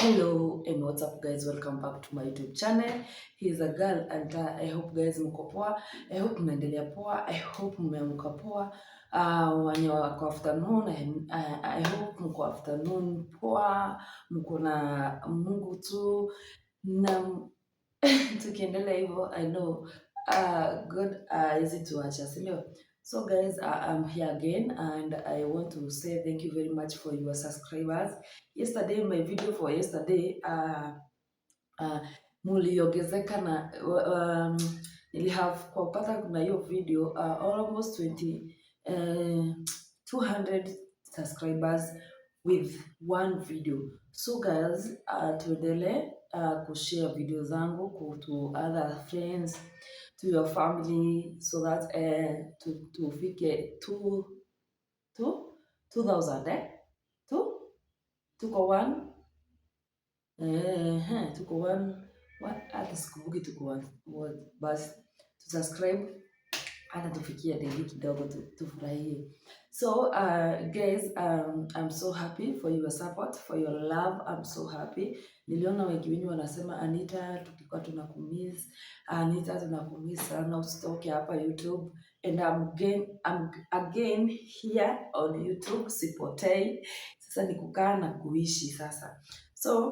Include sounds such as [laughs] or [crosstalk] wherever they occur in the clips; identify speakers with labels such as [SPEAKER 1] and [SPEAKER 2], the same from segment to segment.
[SPEAKER 1] Hello and what's up guys, welcome back to my YouTube channel. He a girl and uh, I hope guys mko poa. I hope mnaendelea poa. I hope mmeamka poa. Uh, ah, wanya wako afternoon and uh, I hope mko afternoon poa. Mko na Mungu tu na [laughs] tukiendelea hivyo I know uh, God uh, easy to watch, you know. So guys, I am here again and I want to say thank you very much for your subscribers. Yesterday, my video for yesterday uh, uh, muliongezeka na um, have kwa kupata na hiyo video uh, almost 20, uh, 200 subscribers with one video. So guys, uh, tuendelee uh, kushare video zangu to other friends to your family so that uh, to, to fike two two two thousand eh two two ko one uh-huh. two ko one what hata sikumbuki two ko one what but to subscribe hata tufikie daily kidogo tufurahie so uh, guys um, i'm so happy for your support for your love i'm so happy Niliona wengi wenyu wanasema Anita, tulikuwa tunakumiss Anita, tunakumiss sana, usitoke hapa YouTube and I'm again, I'm again here on YouTube, sipotei. Sasa ni kukaa na kuishi sasa. So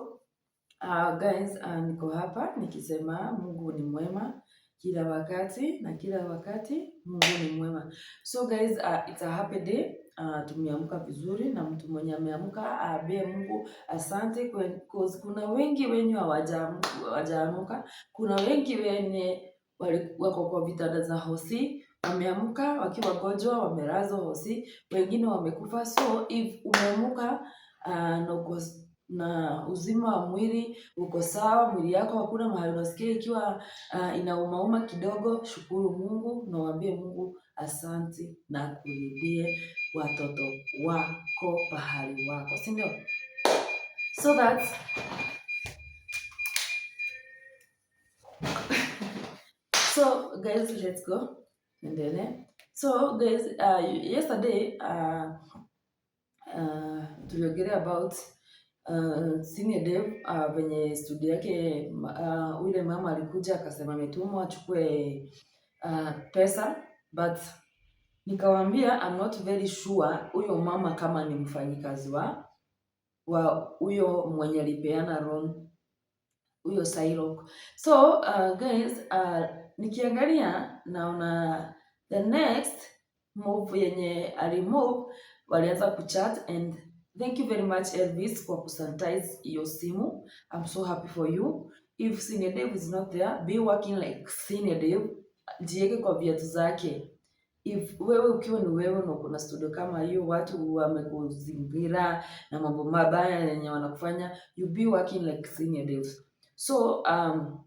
[SPEAKER 1] uh, guys uh, niko hapa nikisema Mungu ni mwema kila wakati na kila wakati Mungu ni mwema. So guys uh, it's a happy day uh, tumeamka vizuri na mtu mwenye ameamka abe Mungu asante, cause kuna wengi wenye hawajaamka. Kuna wengi wenye wako kwa vitanda za hosi wameamka wakiwa wagonjwa, wamelazwa hosi, wengine wamekufa. So if umeamka uh, na uzima wa mwili uko sawa, mwili yako hakuna mahali unasikia ikiwa uh, inaumauma kidogo, shukuru Mungu na uambie Mungu asante na kuridhie watoto wako pahali wako, si ndio? So that [laughs] so guys, let's go and so guys, uh, yesterday uh, uh, tuliongelea about Uh, senior dev uh, venye studio yake uh, ule mama alikuja akasema ametumwa achukue uh, pesa but Nikamwambia I'm not very sure huyo mama kama ni mfanyikazi wa wa huyo mwenye alipeana loan huyo Sairok. So uh, guys uh, nikiangalia naona the next move yenye alimove walianza kuchat and thank you very much Elvis kwa kusanitize hiyo simu. I'm so happy for you. If senior Dave is not there, be working like senior Dave. Jiweke kwa viatu zake if wewe ukiwa ni wewe na uko na studio kama hiyo, watu wamekuzingira na mambo mabaya yenye wanakufanya, you be working like senior devs. So um,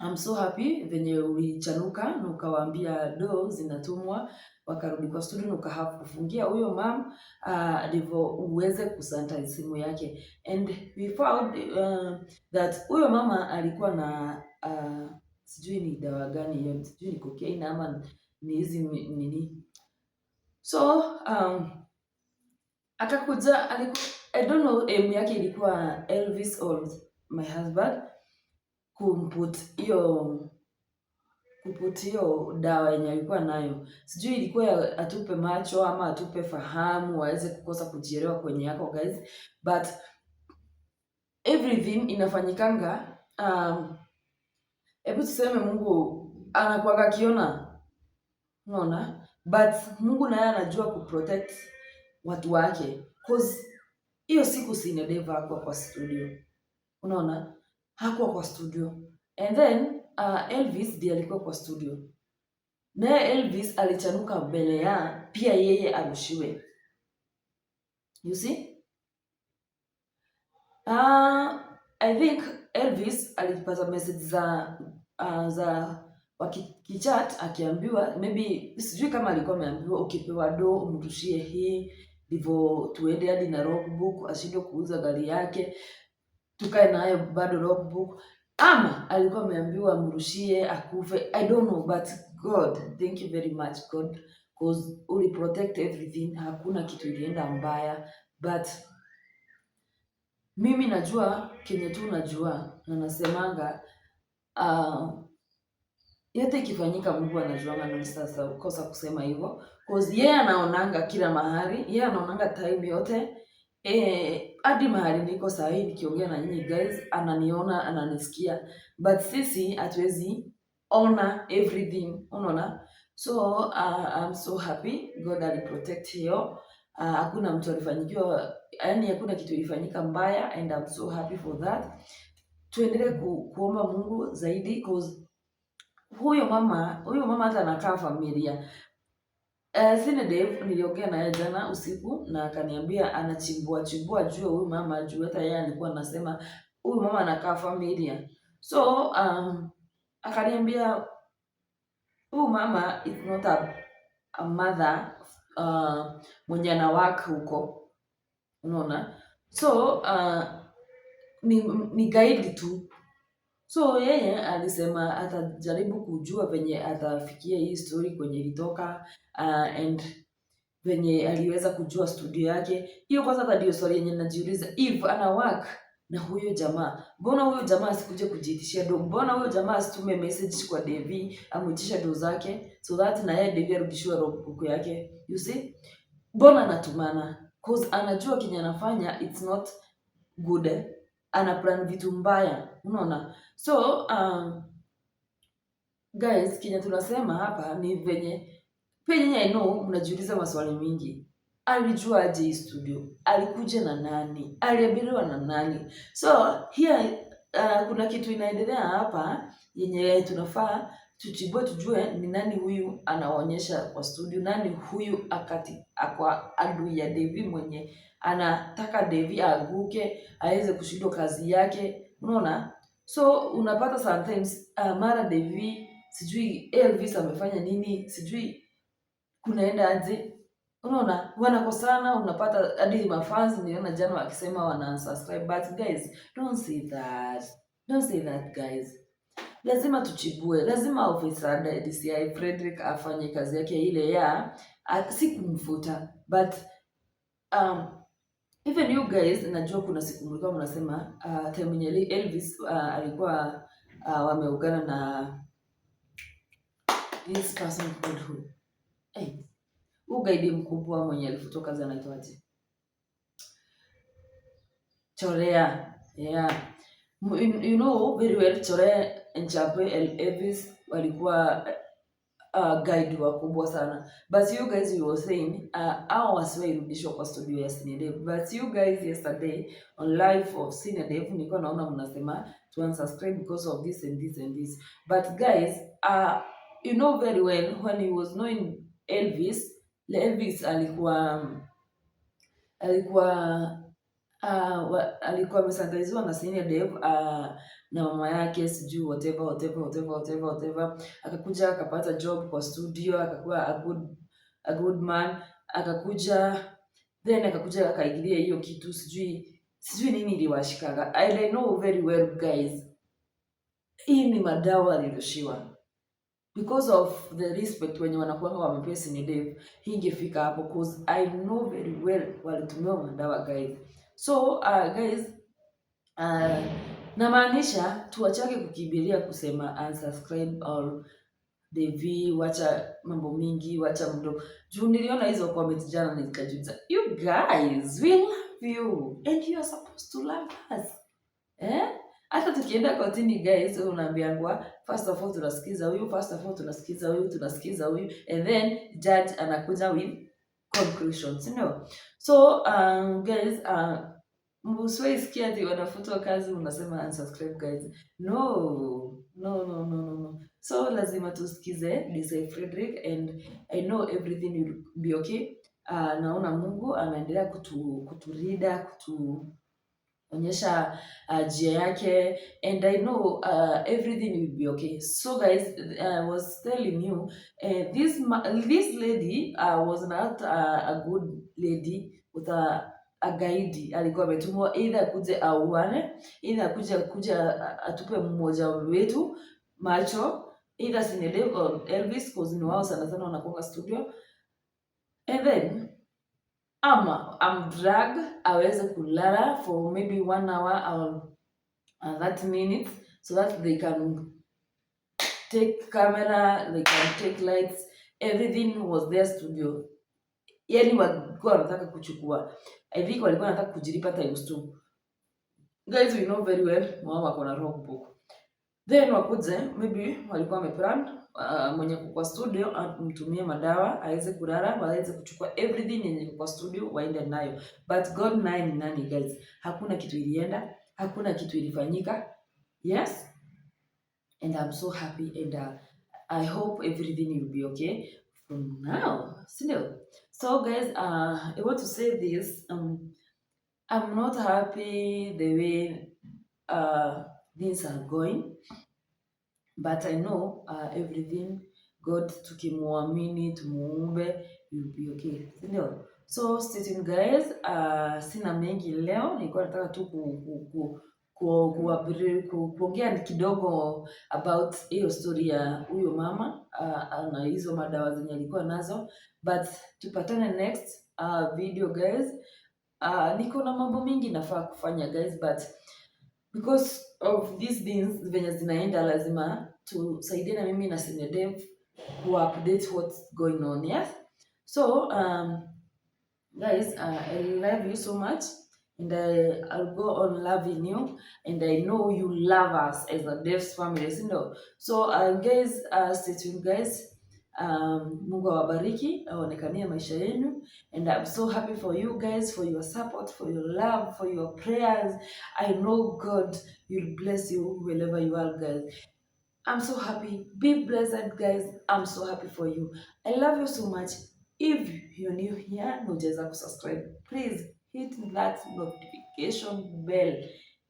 [SPEAKER 1] I'm so happy venye ulichanuka na ukawaambia do zinatumwa wakarudi kwa studio na ukahafu kufungia huyo mam uh, ndivyo uh, uweze kusanitize simu yake and we found uh, that huyo mama alikuwa na uh, sijui ni dawa gani hiyo, sijui ni cocaine ama ni nini. So um, akakuja aliku, I don't know aim yake ilikuwa Elvis or my husband kumput hiyo kuput hiyo dawa yenye alikuwa nayo, sijui ilikuwa atupe macho ama atupe fahamu waweze kukosa kujielewa kwenye yako guys, but everything inafanyikanga um, hebu tuseme Mungu anakuwa akiona unaona, but Mungu naye anajua kuprotect watu wake cause hiyo siku Sinadeva hakuwa kwa studio, unaona, hakuwa kwa studio and then uh, Elvis ndiye alikuwa kwa studio, naye Elvis alichanuka mbele ya pia yeye arushiwe, you see uh, I think Elvis alipata message za uh, za wakichat akiambiwa maybe sijui kama alikuwa ameambiwa ukipewa do umrushie hii ndivyo tuende hadi na rockbook ashindwe kuuza gari yake tukae nayo bado rockbook ama alikuwa ameambiwa amrushie akufe. I don't know, but God, thank you very much God, cause uli protect everything, hakuna kitu ilienda mbaya, but mimi najua kenye tu najua na nasemanga uh, yote ikifanyika Mungu anajuanga nani sasa ukosa kusema hivyo, cause yeye anaonanga kila mahali, yeye anaonanga time yote eh, hadi mahali niko saa hii nikiongea na nyinyi guys, ananiona ananisikia, but sisi hatuwezi ona everything, unaona. So uh, I'm so happy God aliprotect hiyo Uh, hakuna mtu alifanyikiwa, yani hakuna kitu ilifanyika mbaya, and I'm so happy for that. Tuendelee ku, kuomba Mungu zaidi cause huyo mama huyo mama hata anakaa familia eh, sini Dave niliongea naye jana usiku na akaniambia anachimbua chimbua juu huyu mama juu hata yeye alikuwa anasema huyu mama anakaa familia. So um, akaniambia huyu mama is not a, a mother uh, mwenye ana work huko. Unaona? So uh, ni, ni guide tu So yeye alisema atajaribu kujua venye atafikia hii story kwenye ilitoka, uh, and venye aliweza kujua studio yake hiyo. Kwanza ndio story yenye najiuliza, if ana work na huyo jamaa, mbona huyo jamaa asikuje kujitishia do? Mbona huyo jamaa asitume message kwa Devi amwitisha do zake, so that na yeye Devi arudishiwe robuku yake? You see, mbona anatumana? Cause anajua kinyanafanya it's not good ana plan vitu mbaya, unaona. So um, guys, kenya tunasema hapa ni venye penye I know mnajiuliza maswali mingi Alijua aje hii studio? Alikuja na nani? Aliabiriwa na nani? So here uh, kuna kitu inaendelea hapa yenye tunafaa tuchibue tujue ni nani huyu anaonyesha kwa studio, nani huyu akati akwa adui ya Devi mwenye anataka Devi aguke aweze kushindwa kazi yake, unaona. So unapata sometimes uh, mara Devi sijui Elvis amefanya nini, sijui kunaenda aje, unaona, wanakosana. Unapata hadi mafans niona jana wakisema wana unsubscribe, but guys don't say that, don't say that guys lazima tuchibue, lazima ofisa ya DCI Frederick afanye kazi yake ile ya sikumfuta but um, even you guys, najua kuna siku mlikuwa mnasema uh, Temunyeli Elvis uh, alikuwa uh, wameugana na this person called who hey, ugaidi mkubwa mwenye alifutwa kazi anaitwaje? Chorea, yeah you know very well Chore Nchape El Elvis walikuwa uh, guide wakubwa sana but you guys you were saying uh, au wasiwairudishwa kwa studio ya Sinedev but you guys yesterday on live of Sinedev nilikuwa naona mnasema to unsubscribe because of this and this and this but guys uh, you know very well when he was knowing Elvis Elvis alikuwa alikuwa Ah, alikuwa amesandalizwa na Senior Dev uh, ah, na mama yake sijui whatever whatever whatever whatever whatever, akakuja akapata job kwa studio, akakuwa a good, a good man, akakuja then akakuja akaingilia hiyo kitu, sijui sijui nini iliwashikaga. I know very well guys, hii ni madawa alirushiwa because of the respect wenye wanakuanga wamepewa Senior Dev, hii ingefika hapo, cause I know very well walitumia madawa guys. So uh, guys uh, namaanisha tuachake kukimbilia kusema unsubscribe or V, wacha mambo mingi, wacha mdo juu. Niliona hizo comments jana nikajuta, you guys we love you and you are supposed to love us eh? Hata tukienda kotini guys, unaambiangwa first of all tunasikiza huyu, first of all tunasikiza huyu, tunasikiza huyu and then judge anakuja with conclusions, you know So um, guys uh, usiwahi sikia ati wanafutwa kazi unasema unsubscribe guys. No, no, no, no, no, no. So lazima tusikize Dc Fredrick and I know everything will be okay. Uh, naona Mungu anaendelea kutu, kuturida kutu onyesha uh, njia uh, yake and I know uh, everything will be okay. So guys, I uh, was telling you uh, this, this lady uh, was not uh, a good lady uta agaidi alikuwa ametumwa either akuje auane, aidha akuje kuja atupe mmoja wetu macho, aidha Sinedeko Elvis cause ni wao sana sana wanakuwa studio, and then ama amdrag aweze kulala for maybe one hour or that minutes so that they can take camera, they can take lights, everything was their studio yani walikuwa wanataka kuchukua. I think walikuwa wanataka kujilipa times two. Guys, we know very well mama wako na roho kubwa. Then wakuje maybe walikuwa wameplan uh, mwenye kwa studio amtumie madawa aweze kulala, waweze kuchukua everything yenye kwa studio waende nayo. But God naye ni nani guys? Hakuna kitu ilienda, hakuna kitu ilifanyika. Yes? And I'm so happy and uh, I hope everything will be okay from now. Sindio? So guys, uh, I want to say this. Um, I'm not happy the way uh, things are going, but I know uh, everything God tukimwamini tumuombe will be okay, si So stay guys. Uh, sina mengi leo, nilikuwa nataka tu ku, ku, ku ku, kuongea kidogo about hiyo story ya huyo mama uh, na hizo madawa zenye alikuwa nazo, but tupatane next uh, video guys. Uh, niko na mambo mingi nafaa kufanya guys, but because of these things venye zinaenda, lazima tusaidie na mimi na senior dev ku update what's going on yes. So um, guys uh, I love you so much and I, I'll go on loving you and I know you love us as a deaf family, you know. So uh, guys, uh, stay tuned guys. Um, Mungu awabariki, aonekanie maisha yenu and I'm so happy for you guys for your support, for your love, for your prayers. I know God will bless you wherever you are guys. I'm so happy. Be blessed guys. I'm so happy for you. I love you so much. If you're new here, no jeza kusubscribe. Please hit that notification bell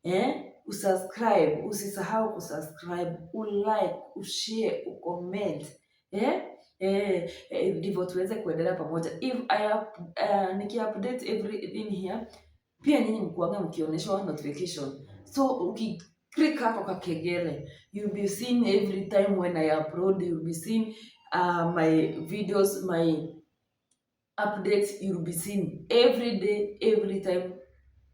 [SPEAKER 1] eh? Usubscribe, usisahau kusubscribe, ulike, ushare, ucomment eh? Eh, eh, ndivyo tuweze kuendelea pamoja. If I up, uh, eh, niki update everything here, pia nyinyi mkuanga mkionyeshwa notification, so uki click hapo kwa kegele, you'll be seen every time when I upload, you'll be seen uh, my videos my updates you'll be seen every day every time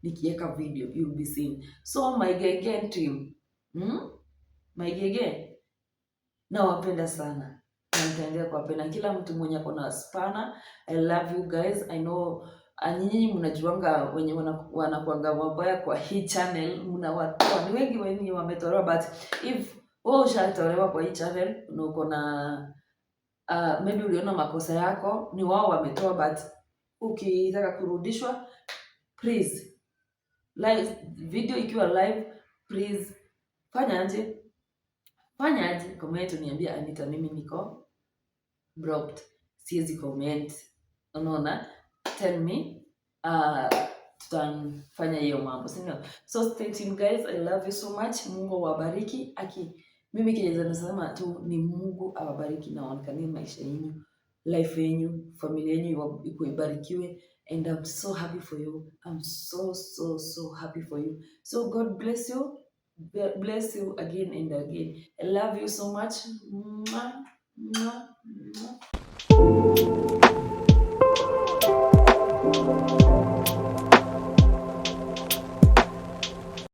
[SPEAKER 1] nikiweka video you'll be seen so my Gegen team hmm? my Gegen nawapenda sana na nitaendelea kuwapenda kila mtu mwenye akona spana I love you guys I know ah, nyinyi mnajuanga wenye wanakuanga wabaya kwa hii channel, mnawatoa ni wengi wenye wametolewa, but if wewe ushatolewa kwa hii channel na uko na uh, maybe uliona makosa yako ni wao wametoa, but ukitaka kurudishwa, please live video ikiwa live, please fanyaje, fanyaje, comment uniambie, Anita, mimi niko blocked, siwezi comment. Unaona, tell me uh, tutafanya hiyo mambo, si So stay tuned guys, I love you so much. Mungu wabariki aki mimi kinaweza nasema tu ni Mungu awabariki na aonekanie maisha yenu, life yenu, familia yenu ikuibarikiwe and I'm so happy for you. I'm so so so happy for you. So God bless you. Bless you again and again. I love you so much. Mwah, mwah, mwah.